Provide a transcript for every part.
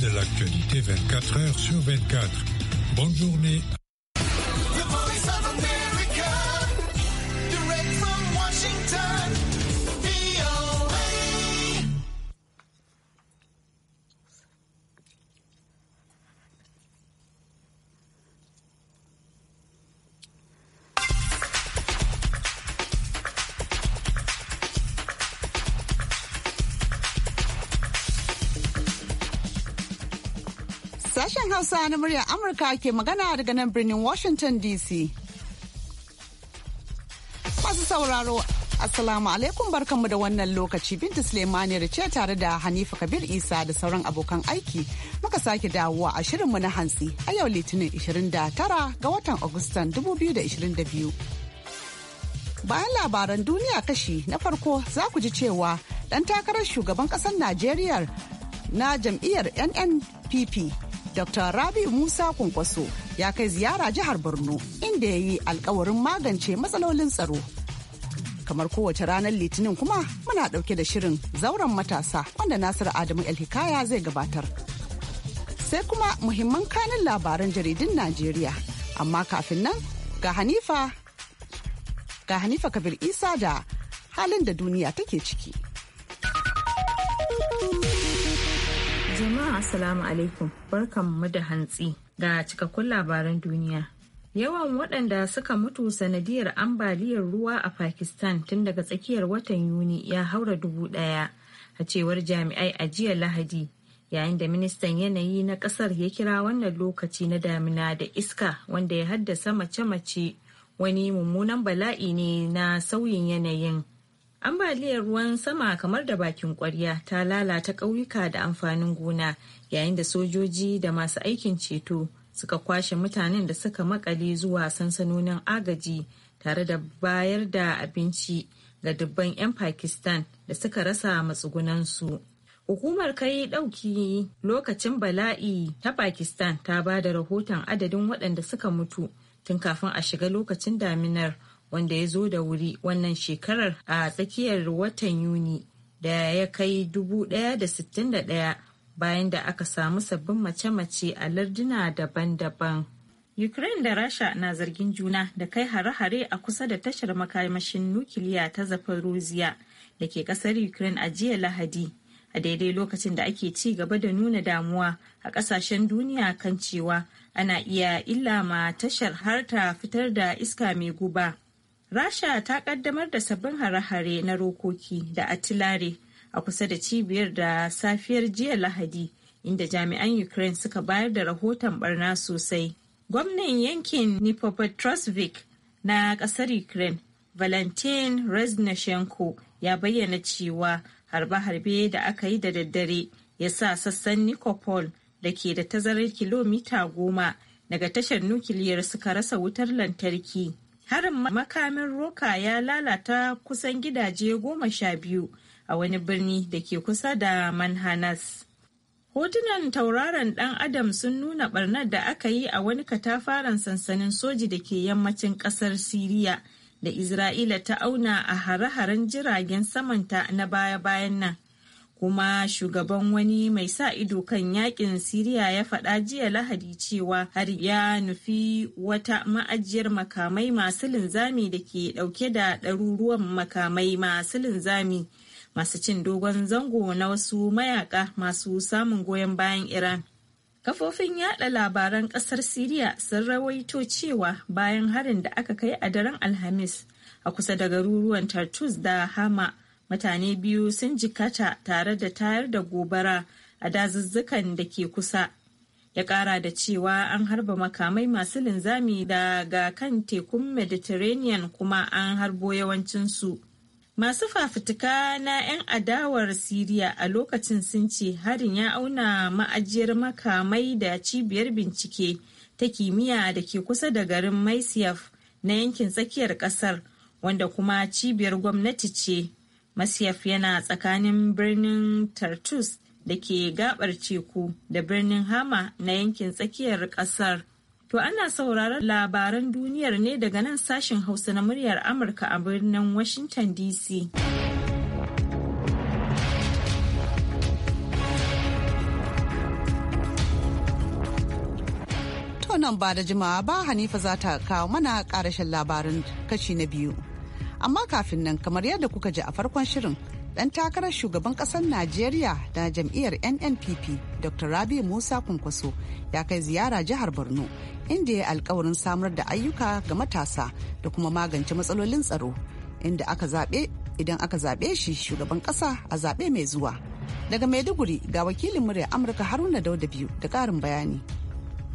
de l'actualité 24 h sur 24. Bonne journée na muryar Amurka ke magana daga nan birnin Washington DC. Masu sauraro, Assalamu alaikum barkanmu da wannan lokaci Binta Suleimani da ce tare da Hanifa Kabir Isa da sauran abokan aiki muka sake dawowa a shirinmu na hantsi a yau Litinin 29 ga watan Agustan 2022. Bayan labaran duniya kashi na farko za ku ji cewa ɗan takarar shugaban ƙasar Najeriya na jam'iyyar NNPP Dr. Rabi Musa Kwankwaso ya kai ziyara jihar Borno inda ya yi alkawarin magance matsalolin tsaro. Kamar kowace ranar Litinin kuma muna ɗauke da shirin zauren matasa wanda Nasiru Adamu Hikaya zai gabatar. Sai kuma muhimman kanin labaran jaridun Najeriya. Amma kafin nan ga Hanifa ga Hanifa Kabir Isa da halin da duniya take ciki. Jama'a Assalamu alaikum mu da hantsi ga cikakkun labaran duniya. Yawan waɗanda suka mutu sanadiyar ambaliyar ruwa a Pakistan tun daga tsakiyar watan Yuni ya haura dubu ɗaya a cewar jami'ai a jiya Lahadi yayin da ministan yanayi na ƙasar ya kira wannan lokaci na damina da iska wanda ya haddasa mace-mace wani mummunan bala'i ne na sauyin yanayin. ambaliyar ruwan sama kamar da bakin kwarya ta lalata ƙauyuka da amfanin gona yayin da sojoji da masu aikin ceto suka kwashe mutanen da suka makale zuwa sansanonin agaji tare da bayar da abinci ga dubban 'yan pakistan da suka rasa matsugunansu hukumar kai ɗauki lokacin bala'i ta pakistan ta ba da rahoton adadin waɗanda suka mutu tun kafin a shiga lokacin daminar wanda ya zo da wuri wannan shekarar a tsakiyar watan yuni da ya kai 1,061 bayan da aka samu sabbin mace-mace a larduna daban-daban ukraine da rasha na zargin juna da kai hare-hare a kusa da tashar makamashin nukiliya ta zafaruziya da ke kasar ukraine a jiya lahadi a daidai lokacin da ake ci gaba da nuna damuwa a kasashen duniya kan cewa ana iya illa ma tashar har ta fitar da iska mai guba rasha ta kaddamar da sabbin hare-hare na rokoki da atilare a kusa da cibiyar da safiyar jiya lahadi inda jami'an ukraine suka bayar da rahoton barna sosai gwamnan yankin nipopetrosvik na kasar ukraine valentin reznashenko ya bayyana cewa harbe-harbe da aka yi da daddare ya sa sassan nikopol da ke da tazarar kilomita goma daga tashar nukiliyar suka rasa wutar lantarki harin makamin roka ya lalata kusan gidaje goma sha biyu a wani birni da ke kusa da manhanas hotunan tauraron dan adam sun nuna barnar da aka yi a wani katafaren sansanin soji da ke yammacin kasar siriya da isra'ila ta auna a hare-haren jiragen samanta na baya-bayan nan kuma shugaban wani mai sa ido kan yakin siriya ya faɗa jiya lahadi cewa har ya nufi wata ma'ajiyar makamai masu linzami da ke ɗauke da ɗaruruwan makamai masu linzami masu cin dogon zango na wasu mayaka masu samun goyon bayan iran kafofin yada labaran kasar siriya sun rawaito cewa bayan harin da aka kai a daren alhamis a kusa da garuruwan tartus da hama mutane biyu sun jikata tare da tayar da gobara a dazuzzukan da ke kusa ya kara da cewa an harba makamai masu linzami daga kan tekun mediterranean kuma an harbo yawancinsu masu fafutuka na 'yan adawar siriya a lokacin sun ce harin ya auna ma'ajiyar makamai da cibiyar bincike ta kimiyya da ke kusa da garin maisiyaf na yankin tsakiyar kasar wanda kuma cibiyar gwamnati ce Masiyaf yana tsakanin birnin Tartus da ke gabar teku da birnin Hama na yankin tsakiyar kasar To ana sauraron labaran duniyar ne daga nan sashin Hausa na muryar Amurka a birnin Washington DC. nan ba da jima'a ba Hanifa za ta kawo mana karashen labarin kashi na biyu. Amma kafin nan kamar yadda kuka ji a farkon shirin dan takarar shugaban kasar Najeriya da jam'iyyar NNPP Dr. Rabi Musa Kwankwaso ya kai ziyara jihar Borno inda ya yi alkawarin samar da ayyuka ga matasa da kuma magance matsalolin tsaro inda aka zaɓe idan aka zaɓe shi shugaban ƙasa a zaɓe mai zuwa. Daga Maiduguri ga wakilin murya Amurka Haruna Dauda biyu da ƙarin bayani.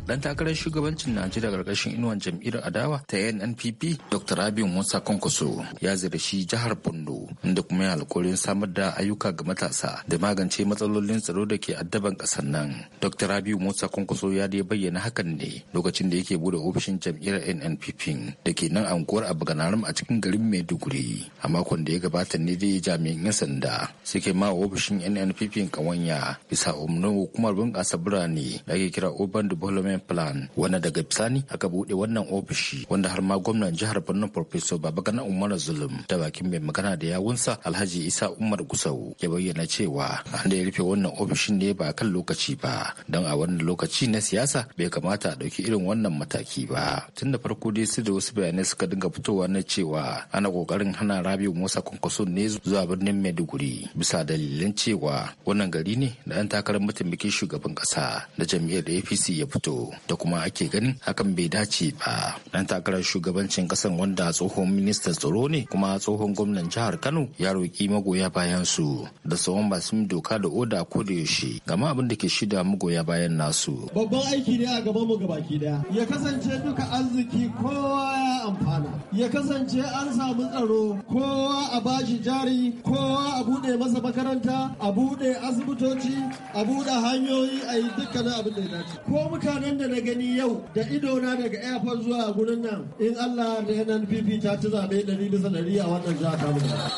dan takarar shugabancin najeriya karkashin inuwan jam'iyyar adawa ta nnpp dr abin musa kwankwaso ya ziyarci jihar bondo inda kuma ya alkawarin samar da ayyuka ga matasa da magance matsalolin tsaro da ke addaban kasar nan dr rabiu musa kwankwaso ya dai bayyana hakan ne lokacin da yake bude ofishin jam'iyyar nnpp da ke nan anguwar abaganaram a cikin garin maiduguri a makon da ya gabata ne dai jami'an 'yan sanda suke ma ofishin nnpp kawanya bisa umarnin hukumar bunƙasa birane da ake kira urban development development plan wanda daga bisani aka buɗe wannan ofishi wanda har ma gwamnan jihar Borno Professor Babagana Umar Zulum da bakin mai magana da yawunsa Alhaji Isa Umar Gusau ya bayyana cewa an da ya rufe wannan ofishin ne ba kan lokaci ba don a wannan lokaci na siyasa bai kamata a ɗauki irin wannan mataki ba tun da farko dai su da wasu bayanai suka dinga fitowa na cewa ana kokarin hana Rabiu Musa kwankwason ne zuwa birnin Maiduguri bisa dalilan cewa wannan gari ne da ɗan takarar mataimakin shugaban ƙasa da jam'iyyar APC ya fito da kuma ake ganin hakan bai dace ba. Dan takarar shugabancin ƙasan wanda tsohon ministan tsaro ne kuma tsohon gwamnan jihar Kano ya roƙi magoya bayan su da tsawon masu doka da oda ko da yaushe gama abin da ke shida magoya bayan nasu. Babban aiki ne a gaban mu gabaki daya. Ya kasance duka arziki kowa amfana ya kasance an samu tsaro kowa a bashi jari kowa a bude masa makaranta a bude asibitoci a bude hanyoyi a yi dukkanin abin da ya dace ko mutanen da na gani yau da idona daga airport zuwa gurin nan in Allah da NPP ta ci zaɓe ɗari bisa ɗari a wannan jihar ta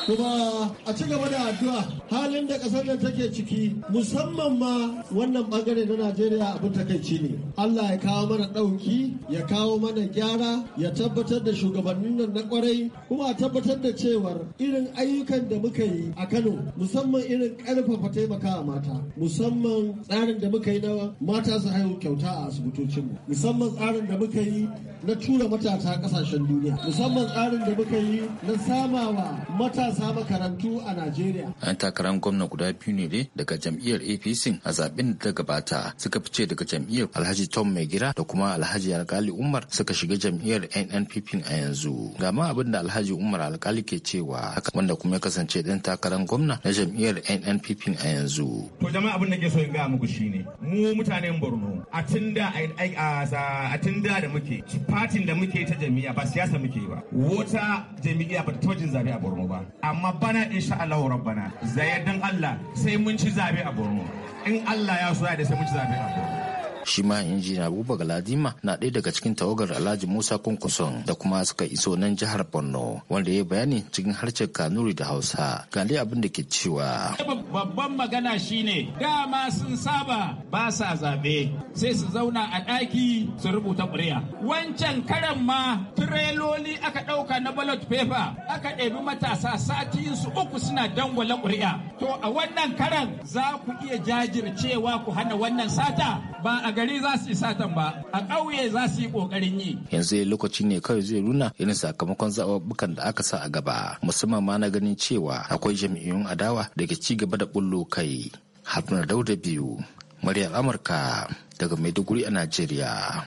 kuma a ci gaba da addu'a halin da ƙasar da take ciki musamman ma wannan bangare na Najeriya abin takaici ne Allah ya kawo mana ɗauki ya kawo mana gyara ya tabbatar tabbatar da shugabannin nan na kwarai kuma a tabbatar da cewar irin ayyukan da muka yi a Kano musamman irin karfafa taimaka a mata musamman tsarin da muka yi na mata su haihu kyauta a asibitocinmu musamman tsarin da muka yi na tura matasa kasashen duniya musamman tsarin da muka yi na samawa matasa makarantu a Najeriya. An takarar gwamna guda biyu ne dai daga jam'iyyar APC a zaben da gabata suka fice daga jam'iyyar Alhaji Tom Mai Gira da kuma Alhaji Alkali Umar suka shiga jam'iyyar nnp. laifin a yanzu. Ga abin da Alhaji Umar Alkali ke cewa wanda kuma ya kasance ɗan takarar gwamna na jam'iyyar NNPP a yanzu. To jama'a abin da ke so in gaya muku shine mu mutanen Borno a tunda a tunda da muke fatin da muke ta jami'a ba siyasa muke ba. Wata jami'a ba ta tojin zabe a Borno ba. Amma bana insha Allah rabbana zayyadan Allah sai mun ci zabe a Borno. In Allah ya so ya da sai mun ci zabe a Borno. shi ma injiniya Buba Galadima na ɗaya daga cikin tawagar Alhaji Musa Kunkuson da kuma suka iso nan jihar Borno wanda ya bayani cikin harshen Kanuri da Hausa ga abin da ke cewa babban magana shine dama sun saba ba sa zaɓe sai su zauna a ɗaki su rubuta ƙuri'a wancan karan ma tireloli aka ɗauka na ballot paper aka ɗebi matasa sati su uku suna dangwala ƙuri'a to a wannan karan za ku iya jajircewa ku hana wannan sata ba a gari za su yi satan ba a ƙauye za su yi ƙoƙarin yi yanzu lokaci ne kawai zai nuna irin sakamakon zaɓuɓɓukan da aka sa a gaba musamman ma na ganin cewa akwai jam'iyyun adawa da ke ci gaba da ɓullo kai haruna dauda biyu muryar amurka daga maiduguri a najeriya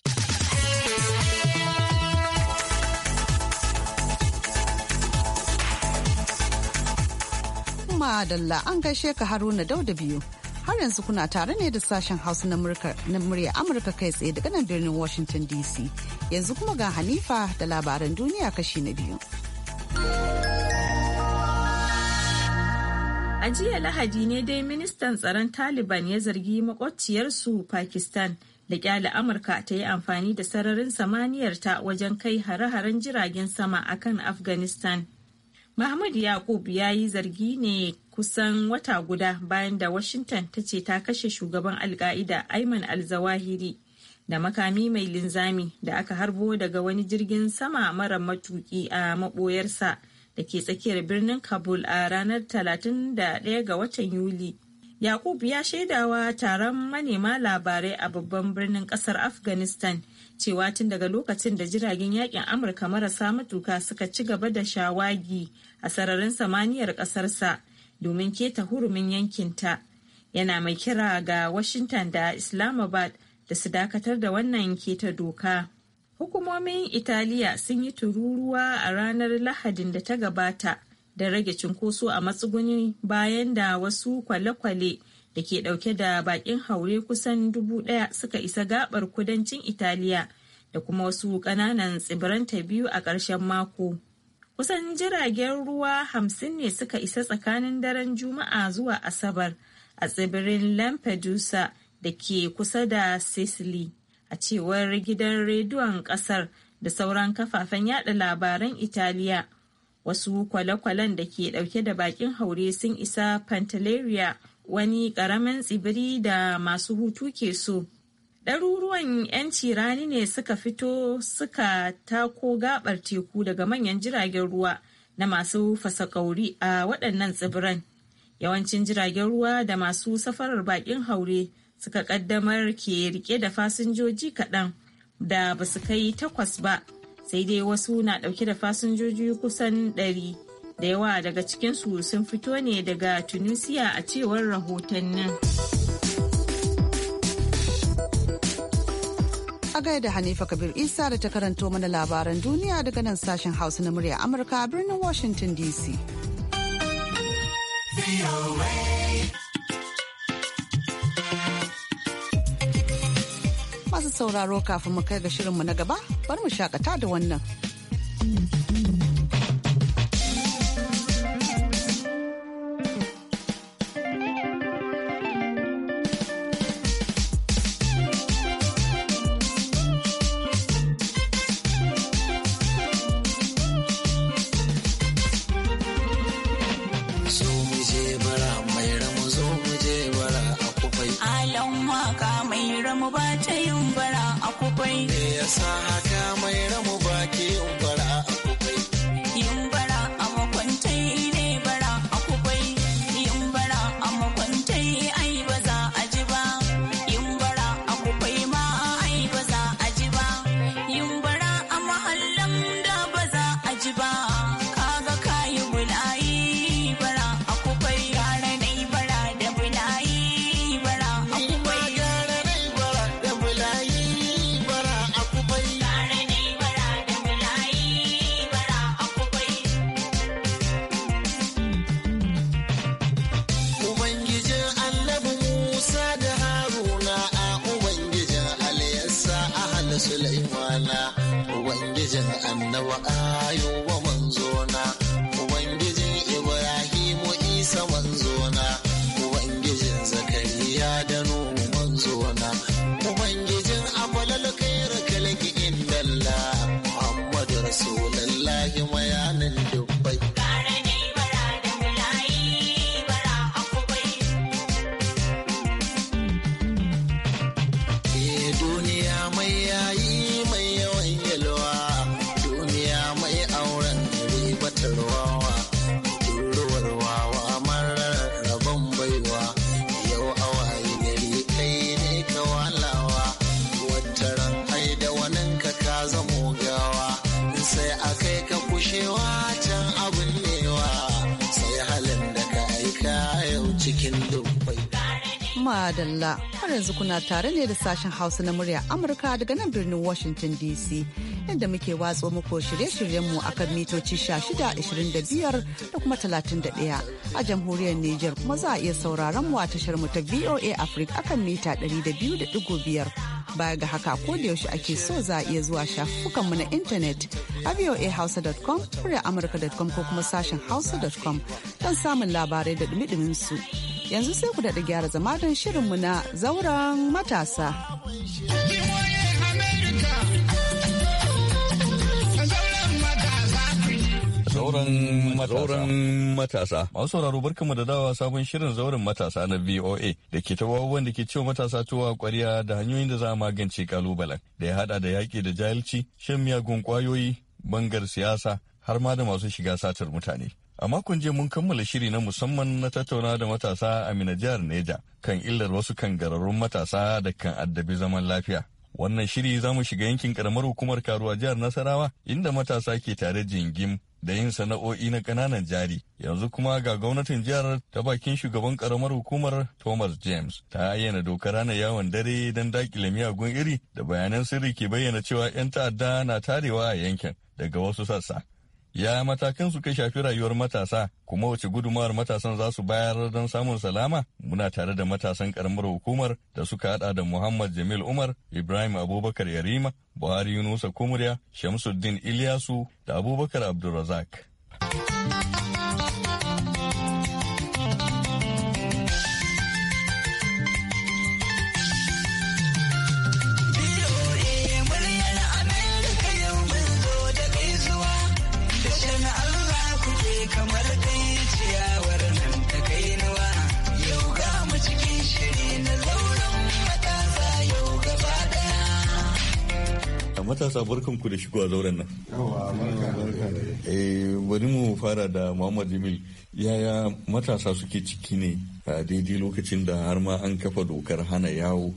Madalla an gaishe ka haruna dauda biyu har yanzu kuna tare ne da sashen hausa na murya amurka kai tsaye daga nan birnin washington dc yanzu kuma ga hanifa da labaran duniya kashi na biyu a jiya lahadi ne dai ministan tsaron taliban ya zargi makwabciyarsu pakistan da kyale amurka ta yi amfani da sararin samaniyarta wajen kai hare-haren jiragen sama akan afghanistan mahmud yakub ya yi zargi ne kusan wata guda bayan da washington ta ce ta kashe shugaban alka'ida ayman al-zawahiri da makami mai linzami da aka harbo daga wani jirgin sama mara matuki a maboyarsa da ke tsakiyar birnin kabul a ranar 31 ga watan yuli yakubu ya shaidawa taron manema labarai a babban birnin kasar afghanistan cewa tun daga lokacin da jiragen yakin amurka marasa matuka suka ci gaba da shawagi a sararin samaniyar kasarsa domin keta hurumin yankinta yana mai kira ga washington da islamabad da su dakatar da wannan keta doka hukumomin italiya sun yi tururuwa a ranar lahadin da ta gabata da rage cunkoso a matsuguni bayan da wasu kwale-kwale da ke dauke da bakin haure kusan dubu daya suka isa gabar kudancin italiya da kuma wasu kananan tsibiranta biyu a ƙarshen mako kusan jiragen ruwa hamsin ne suka isa tsakanin daren juma'a zuwa asabar a tsibirin lampedusa da ke kusa da sicily a cewar gidan rediyon kasar da sauran kafafen yada labaran italiya wasu kwale-kwalen da ke dauke da bakin haure sun isa pantelleria wani karamin tsibiri da masu hutu ke so ɗaruruwan 'yanci rani ne suka fito suka tako gabar teku daga manyan jiragen ruwa na masu fasakauri a waɗannan tsibiran yawancin jiragen ruwa da masu safarar baƙin haure suka ƙaddamar ke rike da fasinjoji kaɗan da ba su kai takwas ba sai dai wasu na ɗauke da fasinjoji kusan ɗari da yawa daga cikinsu sun fito ne daga tunisia a cewar rahotannin. a da Hanifa Kabir Isa da ta karanto mana labaran duniya daga nan sashen Hausa na murya Amurka a birnin Washington DC. Masu sauraro kafin mu kai ga shirinmu na gaba, bar mu shakata da wannan. ba ta yin bara a kufai. Me yasa haka mai ramu dalla har yanzu kuna tare ne da sashen hausa na murya amurka daga nan birnin washington dc inda muke watso muku shirye-shiryenmu shiryen kan mitoci 1625 da kuma 31 a jamhuriyar niger kuma za a iya sauraron mu a tashar mu ta voa africa akan mita 200.5 baya ga haka ko da yaushe ake so za a iya zuwa mu na intanet a voahausa.com muryar amurka.com ko kuma sashen hausa.com don samun labarai da dumi su yanzu sai ku daɗa gyara zama don shirinmu na zauren matasa. Zauren matasa. Masu sauraro mu da dawa sabon shirin zauren matasa na VOA da ke tawawan da ke cewa matasa tuwa kwariya da hanyoyin da za a magance kalubalen da ya hada da yaƙi da jahilci, shan miyagun kwayoyi, bangar siyasa, har ma da masu shiga satar mutane. A makon jiya mun kammala shiri na musamman na tattauna da matasa a Mina jihar Neja kan illar wasu kangararrun matasa da kan addabi zaman lafiya. Wannan shiri za mu shiga yankin karamar hukumar karuwa jihar Nasarawa inda matasa ke tare jingim da yin sana'o'i na kananan jari. Yanzu kuma ga gwamnatin jihar ta bakin shugaban karamar hukumar Thomas James ta ayyana dokar ranar yawon dare don dakile miyagun iri da bayanan sirri ke bayyana cewa 'yan ta'adda na tarewa a yankin daga wasu sassa. ya matakan kai shafi rayuwar matasa kuma wace gudumawar matasan za su bayar don samun salama muna tare da matasan karamar hukumar da suka hada da muhammad jamil umar ibrahim abubakar yarima buhari yunusa kumurya shamsuddin ilyasu da abubakar abdulrazak kamar dai ciyawar nan ta kai nawa yau ga mu cikin shiri na zauren matasa yau gaba daya. matasa barkan ku da shigo a zauren nan. Eh, bari mu fara da Muhammad Jamil yaya matasa suke ciki ne a daidai lokacin da har ma an kafa dokar hana yawo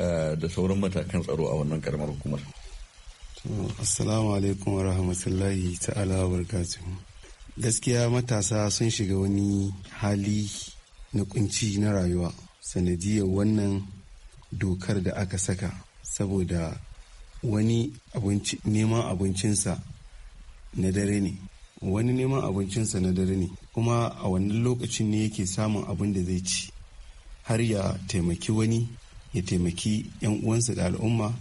eh, da sauran matakan tsaro a wannan karamar hukumar. Assalamu alaikum wa rahmatullahi ta'ala wa barakatuhu. gaskiya matasa sun shiga wani hali na kunci na rayuwa sanadiyar wannan dokar da aka saka saboda wani neman abincinsa na dare ne wani neman abincinsa na dare ne kuma a wannan lokacin ne yake samun abin da zai ci har ya taimaki wani ya taimaki 'yan uwansa da al'umma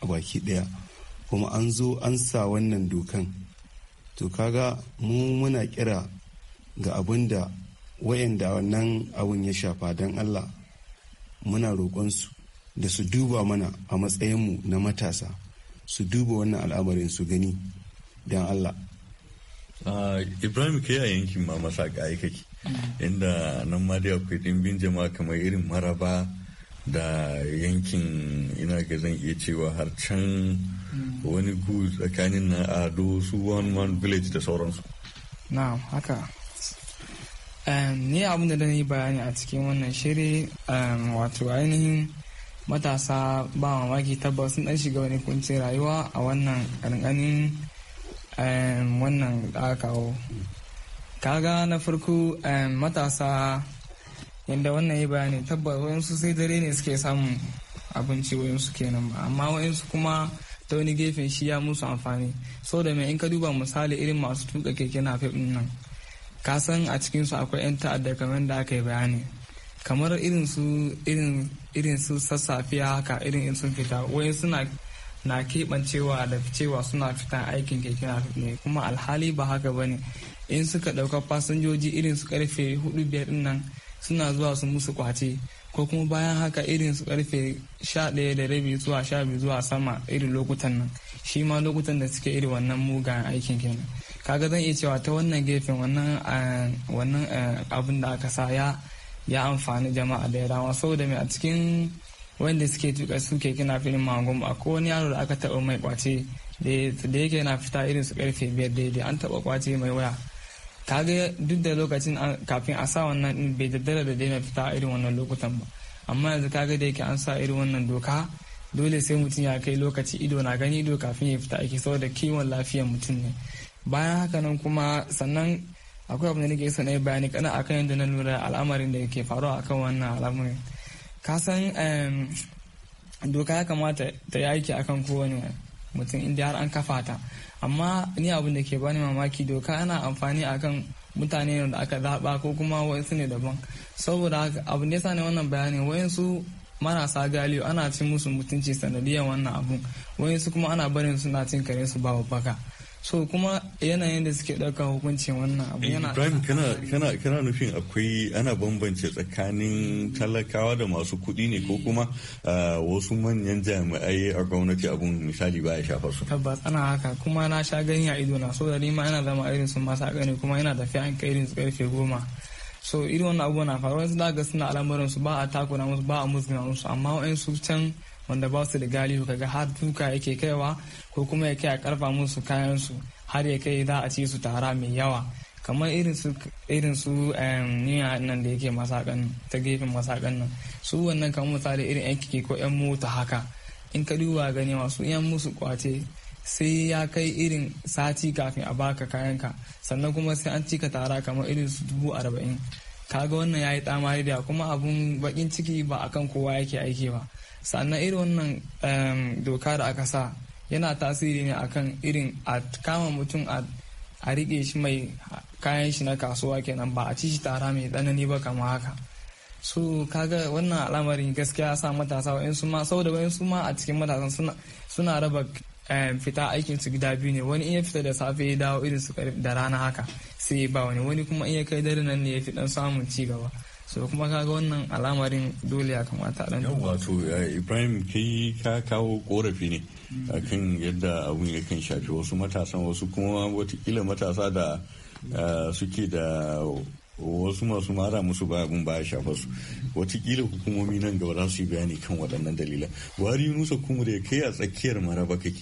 a baki daya kuma an zo an sa wannan dokan to kaga mu muna kira ga abin da wayanda wannan abin ya shafa don allah muna roƙonsu da su duba mana a matsayinmu na matasa su duba wannan al'amarin su gani don allah ibrahim ke a yankin ma masaka aikaki inda nan ma da akwai ɗimbin jama'a kamar irin maraba da yankin ina ga zan iya cewa har can wani gu tsakanin na ado su one one village da sauransu Na haka ni abin da yi bayani a cikin wannan shiri wato ainihin matasa ba mamaki tabbas sun dan shiga wani kuncin rayuwa a wannan ƙanƙanin wannan da kawo kaga na farko matasa yadda wannan yi bayani tabbas wayansu sai dare ne suke samun abinci wayansu kenan ba amma wayansu kuma ta wani gefen shi ya musu amfani sau da mai in ka duba misali irin masu tuka keke na din nan ka san a cikinsu akwai 'yan ta'adda kamar da aka yi bayani kamar irin su irin irin su sassafiya haka irin in sun fita wai suna na keɓancewa da cewa suna fita aikin keke na ne kuma alhali ba haka ba ne in suka ɗauka fasinjoji irin su karfe hudu biyar nan suna zuwa su musu kwace ko kuma bayan haka irin su karfe sha ɗaya da rabi zuwa sha biyu zuwa sama irin lokutan nan shi ma lokutan da suke irin wannan mugayen aikin kenan kaga zan iya cewa ta wannan gefen wannan eh, wannan eh, abin da aka sa ya ya amfani jama'a da yawa saboda mai a cikin wanda suke tuka suke kina filin ba ko wani yaro da aka taɓa mai kwace da yake yana fita irin su karfe biyar daidai an taɓa kwace mai waya ka ga duk da lokacin kafin a sa wannan din bai daddara da daina fita a irin wannan lokutan ba amma yanzu kaga da yake an sa irin wannan doka dole sai mutum ya kai lokaci ido na gani ido kafin ya fita aiki saboda kiwon lafiyar mutum ne bayan haka nan kuma sannan akwai abin da nake so na yi bayani kana akan yadda na lura al'amarin da ke faruwa akan wannan al'amarin ka san doka ya kamata ta yi aiki akan kowane mutum inda har an kafa ta amma ni abin da ke bani mamaki doka ana amfani akan mutane da aka zaɓa ko kuma wasu ne daban saboda abin da ya sani wannan bayanin wayansu marasa galiyo ana cin musu mutunci sanadiyar wannan abun wayansu kuma ana barin suna cin kare su ba baka so kuma yanayin da suke ɗauka hukunci wannan abu yana ibrahim kana kana nufin akwai ana bambance tsakanin talakawa da masu kuɗi ne ko kuma wasu manyan jami'ai a gwamnati abun misali ya shafa su tabbas ana haka kuma na sha gani a ido na so da ma ina zama irin su masu haka ne kuma yana tafiya an kai irin su karfe goma so irin wannan abubuwan na faruwa su daga suna al'amuran su ba a takura musu ba a musgina musu amma wa'in su can wanda ba su da galihu kaga har duka yake kaiwa ko kuma ya kai a karfa musu kayansu har ya kai za a ci su tara mai yawa kamar irin su irin nan da yake masakan ta gefen masakan nan su wannan kamar misali irin yan kike ko yan mota haka in ka duba gani masu yan musu kwace sai ya kai irin sati kafin a baka kayanka sannan kuma sai an cika tara kamar irin su dubu arba'in kaga wannan ya yi tsamari da kuma abun bakin ciki ba akan kowa yake aiki ba sannan irin wannan doka da aka sa yana tasiri ne akan irin a kama mutum a riƙe shi mai kayan shi na kasuwa kenan ba a ci shi tara mai tsanani ba kama haka su kaga wannan al'amarin gaskiya sa matasa su ma saboda su ma a cikin matasan suna raba fita aikin su gida biyu ne wani in ya fita da safe ya dawo irin su da rana haka sai ya ba wani wani kuma in ya kai dare nan ne ya fi dan samun ci gaba so kuma kaga wannan al'amarin dole ya kamata dan yawa to Ibrahim kai ka kawo korafi ne mm. akan yadda abun kan shafi wasu matasan wasu kuma watakila matasa da eh, suke da wasu masu mara musu ba ba ya shafa su watakila hukumomi nan gaba za su yi bayani kan waɗannan dalilan wari nusa kuma da kai a tsakiyar maraba kake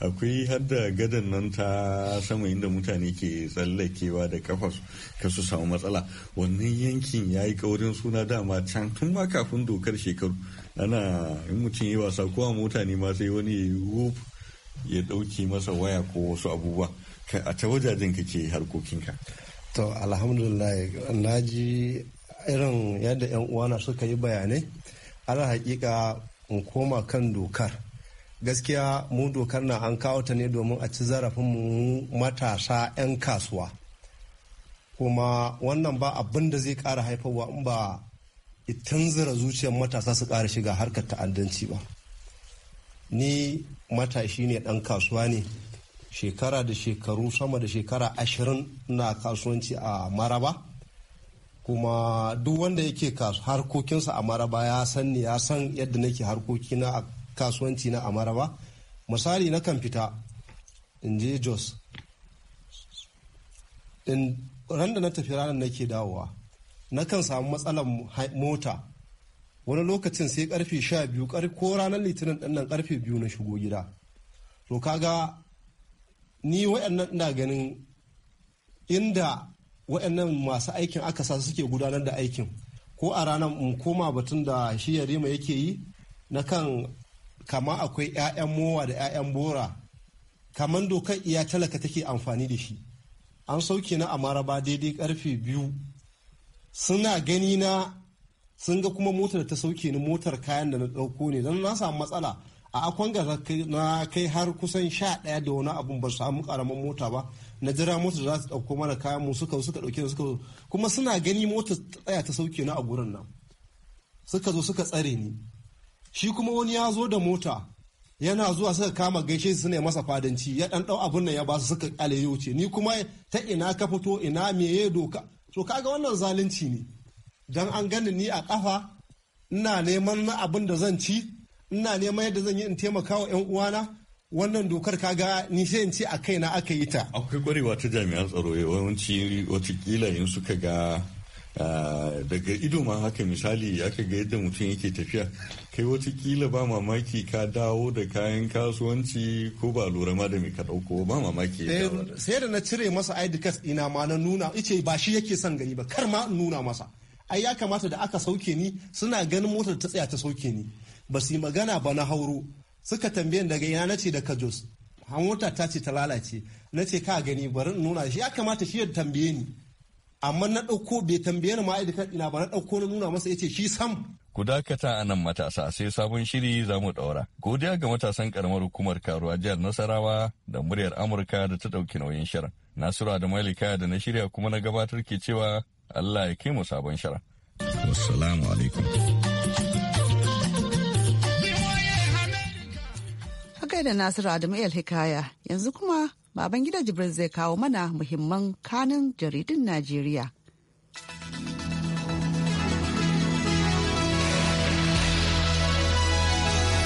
akwai hadda gadan nan ta sama inda mutane ke tsallakewa da kafa ka su samu matsala wannan yankin ya yi kaurin suna dama can tun ma kafin dokar shekaru ana in mutum yi wasa kowa mutane ma sai wani wuf ya dauki masa waya ko wasu abubuwa a ta wajajen ke harkokinka to alhamdulillah na ji irin yadda yan uwana suka yi bayanai ala hakika in koma kan dokar gaskiya mu dokar na an kawo ta ne domin a ci zarafin mu matasa 'yan kasuwa kuma wannan ba abin da zai kara haifarwa in ba itin zira zuciyar matasa su kara shiga harkar ta'addanci ba ni matashi ne dan kasuwa ne shekara da shekaru sama da shekara ashirin na kasuwanci a maraba kuma duk wanda yake harkokinsa a maraba ya san ni ya san yadda nake harkokina a kasuwanci na amaraba maraba misali na kan fita in je jos in ran da na tafi ranar nake dawowa na kan samu matsalar mota wani lokacin sai karfe sha biyu ko ranar litinin ɗin nan karfe biyu na shigo gida to kaga ni wayannan ina ganin inda waɗannan masu aikin aka sa suke gudanar da aikin ko a ranar in koma batun da shi yarima yake yi na kan kama akwai 'ya'yan mowa da 'ya'yan bora kamar dokar iya talaka take amfani da shi an sauke na a maraba daidai karfe biyu suna gani na sun ga kuma motar ta sauke ni motar kayan da na dauko ne don na samu matsala a akwai ga na kai har kusan sha ɗaya da wani abun ba su samu karamin mota ba na jira motar za su dauko mana kayan mu suka suka dauke da suka kuma suna gani motar ta tsaya ta sauke na a gurin nan suka zo suka tsare ni shi kuma wani ya zo da mota yana zuwa suka kama gaishe su ne masa fadanci ya dan dau abun nan ya ba su suka kyale ni kuma ta ina ka fito ina me doka to kaga wannan zalunci ne dan an gani ni a kafa ina neman na abin da zan ci ina neman yadda zan yi in taimaka wa yan uwana wannan dokar kaga ni sai in ce a kaina aka yi ta akwai kwarewa ta jami'an tsaro yawanci watakila in suka ga Ah, daga ido ma haka misali aka ga yadda mutum yake tafiya kai watakila ba mamaki ka dawo da kayan kasuwanci ko ba lura ma da mai ka dauko ba mamaki sai da na cire masa id card ina ma na nuna ice ba shi yake son gani ba kar ma nuna masa ai ya kamata da aka sauke ni suna ganin motar ta tsaya ta sauke ni ba su yi magana ba na hauro suka tambaye daga ina nace da kajos mota ta ce ta lalace na ce ka gani bari in nuna shi ya kamata shi ya tambaye ni amma na ɗauko bai tambaye ni ma'aikatan ina ba na ɗauko na nuna masa yace shi sam ku dakata a nan matasa sai sabon shiri za mu ɗaura. Godiya ga matasan karamar hukumar karuwa jihar Nasarawa da muryar Amurka da ta ɗauki nauyin shirin. Nasiru da Malika da na shirya kuma na gabatar ke cewa Allah ya kai mu sabon shirin. Wassalamu alaikum. Haka da Nasiru Adamu El Hikaya yanzu kuma Babangida Jibril zai kawo mana muhimman kanin jaridun Najeriya.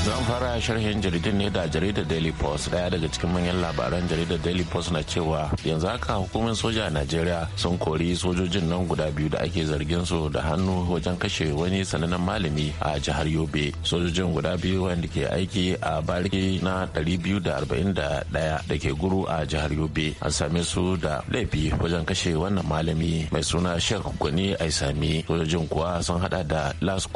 zan fara sharhin jaridar ne da jaridar daily post daya daga cikin manyan labaran jaridar daily post na cewa yanzu haka hukumar soja a najeriya sun kori sojojin nan guda biyu da ake zargin su da hannu wajen kashe wani sanannen malami a jihar yobe sojojin guda biyu wanda ke aiki a bariki na 241 da ke guru a jihar yobe an same su da laifi wajen kashe wannan malami mai suna sheikh gwani aisami sojojin kuwa sun hada da las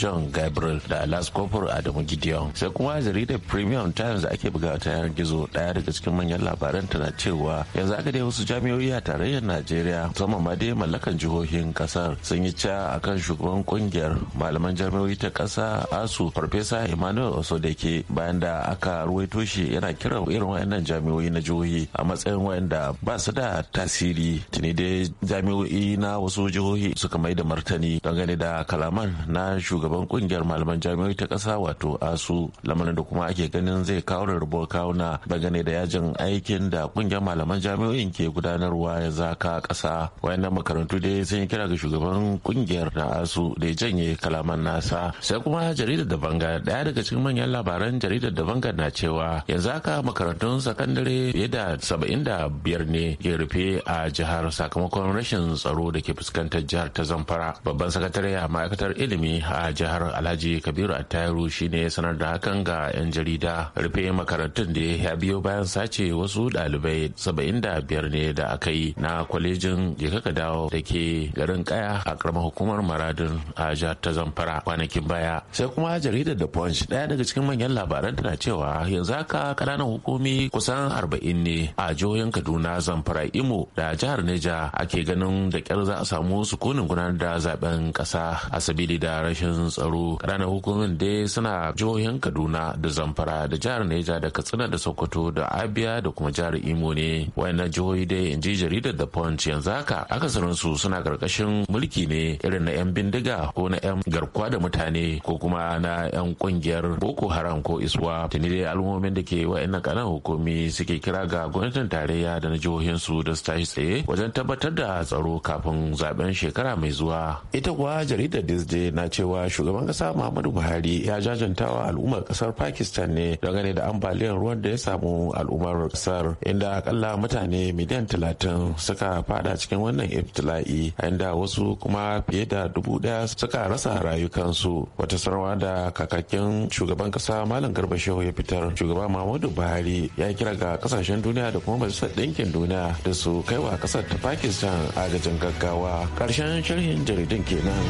john gabriel da las adamu gideon sai kuma jaridar premium times da ake buga ta yanar gizo daya daga cikin manyan labaran tana cewa yanzu aka dai wasu jami'o'i a tarayyar najeriya musamman ma dai mallakan jihohin kasar sun yi ca akan shugaban kungiyar malaman jami'o'i ta kasa asu farfesa emmanuel osodeke bayan da aka ruwaito shi yana kiran irin wayannan jami'o'i na jihohi a matsayin wayanda ba su da tasiri tuni dai jami'o'i na wasu jihohi suka mai da martani dangane da kalaman na shugaban kungiyar malaman jami'o'i ta kasa wato tuntuɓa su lamarin da kuma ake ganin zai kawo rarrabuwar kawuna dangane da yajin aikin da kungiyar malaman jami'o'in ke gudanarwa ya zaka kasa. wayannan makarantu dai sun yi kira ga shugaban kungiyar da asu da ya janye kalaman nasa sai kuma jaridar da banga daya daga cikin manyan labaran jaridar da banga na cewa yanzu haka makarantun sakandare fiye da saba'in da biyar ne ke rufe a jihar sakamakon rashin tsaro da ke fuskantar jihar ta zamfara babban sakatare a ma'aikatar ilimi a jihar alhaji kabiru attahiru shine ya sanar da hakan ga 'yan jarida rufe makarantun da ya biyo bayan sace wasu dalibai saba'in da biyar ne da aka yi na kwalejin jikaka dawo da ke garin kaya a karamar hukumar maradin a jihar ta zamfara kwanakin baya sai kuma jaridar da punch daya daga cikin manyan labaran tana cewa yanzu haka kananan hukumi kusan arba'in ne a jihohin kaduna zamfara imo da jihar neja ake ganin da kyar za a samu sukunin gudanar da zaben kasa a sabili da rashin tsaro kananan hukumin dai suna jihohin kaduna da zamfara da jihar neja da katsina da sokoto da abia da kuma jihar imo ne wayannan jihohi dai in ji jaridar da punch yanzu haka su suna karkashin mulki ne irin na 'yan bindiga ko na 'yan garkuwa da mutane ko kuma na 'yan kungiyar boko haram ko iswa tuni dai al'ummomin da ke wayannan kanan hukumi suke kira ga gwamnatin tarayya da na jihohin su da su tashi tsaye wajen tabbatar da tsaro kafin zaben shekara mai zuwa ita kuwa jaridar disney na cewa shugaban kasa muhammadu buhari ya jajanta taimakawa al'ummar kasar pakistan ne dangane da ambaliyar ruwan da ya samu al'ummar kasar inda akalla mutane miliyan talatin suka fada cikin wannan iftila'i inda wasu kuma fiye da dubu daya suka rasa rayukansu wata sarwa da kakakin shugaban kasa malam garba shehu ya fitar shugaban muhammadu buhari ya kira ga kasashen duniya da kuma majalisar ɗinkin duniya da su kaiwa kasar ta pakistan agajin gaggawa karshen sharhin jaridun kenan.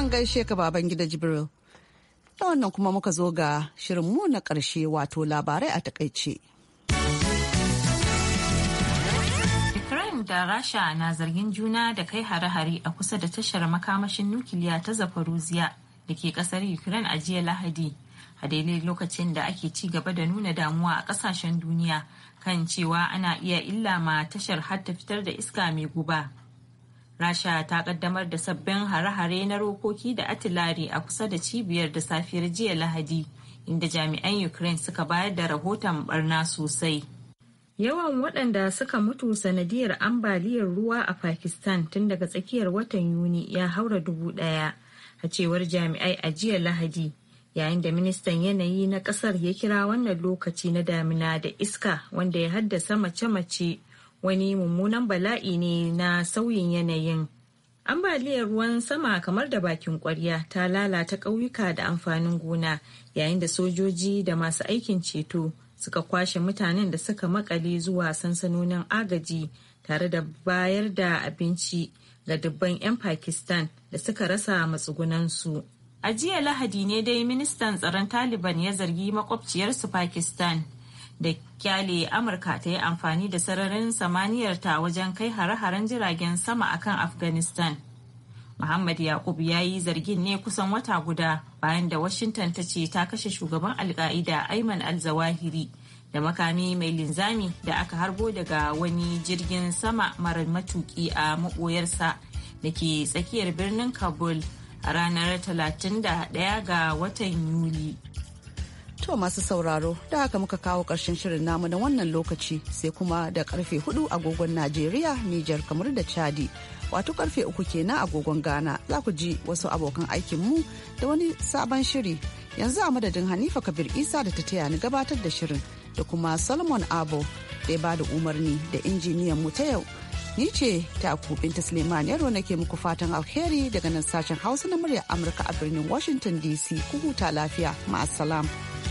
An gaishe ka baban gida Jibril. Da wannan kuma muka zo ga shirin mu na karshe wato labarai a takaice. Ukraine da Rasha na zargin juna da kai hare-hare a kusa da tashar makamashin nukiliya ta Zafaruziya da ke kasar Ukraine a jiya Lahadi. A daidai lokacin da ake ci gaba da nuna damuwa a kasashen duniya kan cewa ana iya illa ma tashar har ta fitar da iska mai guba. rasha ta kaddamar da sabbin hare-hare na rokoki da atilari a kusa da cibiyar da safiyar jiya lahadi inda jami'an ukraine suka bayar da rahoton barna sosai yawan waɗanda suka mutu sanadiyar ambaliyar ruwa a pakistan tun daga tsakiyar watan yuni ya haura dubu ɗaya a cewar jami'ai a jiya lahadi yayin da ministan yanayi na ƙasar ya kira wannan lokaci na damina da iska wanda ya haddasa mace-mace wani mummunan bala'i ne na sauyin yanayin ambaliyar ruwan sama kamar da bakin kwarya ta lalata ƙauyuka da amfanin gona yayin da sojoji da masu aikin ceto suka kwashe mutanen da suka makale zuwa sansanonin agaji tare da bayar da abinci ga dubban 'yan pakistan da suka rasa matsugunansu a jiya lahadi ne dai ministan tsaron taliban ya zargi makwabciyarsu pakistan da kyale amurka ta yi amfani da sararin samaniyarta wajen kai hare-haren jiragen sama akan afghanistan muhammad yakub ya yi zargin ne kusan wata guda bayan da washington ta ce ta kashe shugaban alka'ida ayman al-zawahiri da makami mai linzami da aka harbo daga wani jirgin sama mara matuki a maboyarsa da ke tsakiyar birnin kabul a ranar 31 ga watan yuli To masu sauraro da haka muka kawo ƙarshen shirin namu na wannan lokaci sai kuma da karfe hudu agogon Najeriya, Nijar kamar da Chadi. Wato karfe uku kenan agogon Ghana za ku ji wasu abokan aikinmu da wani sabon shiri. Yanzu a madadin Hanifa Kabir Isa da ta taya ni gabatar da shirin da kuma Solomon Abo da ya bada umarni da injiniyan mu ta yau. Ni ce ta binta Suleiman Yaro nake muku fatan alheri daga nan sashen Hausa na muryar Amurka a birnin Washington DC. Ku huta lafiya. Ma'asalam.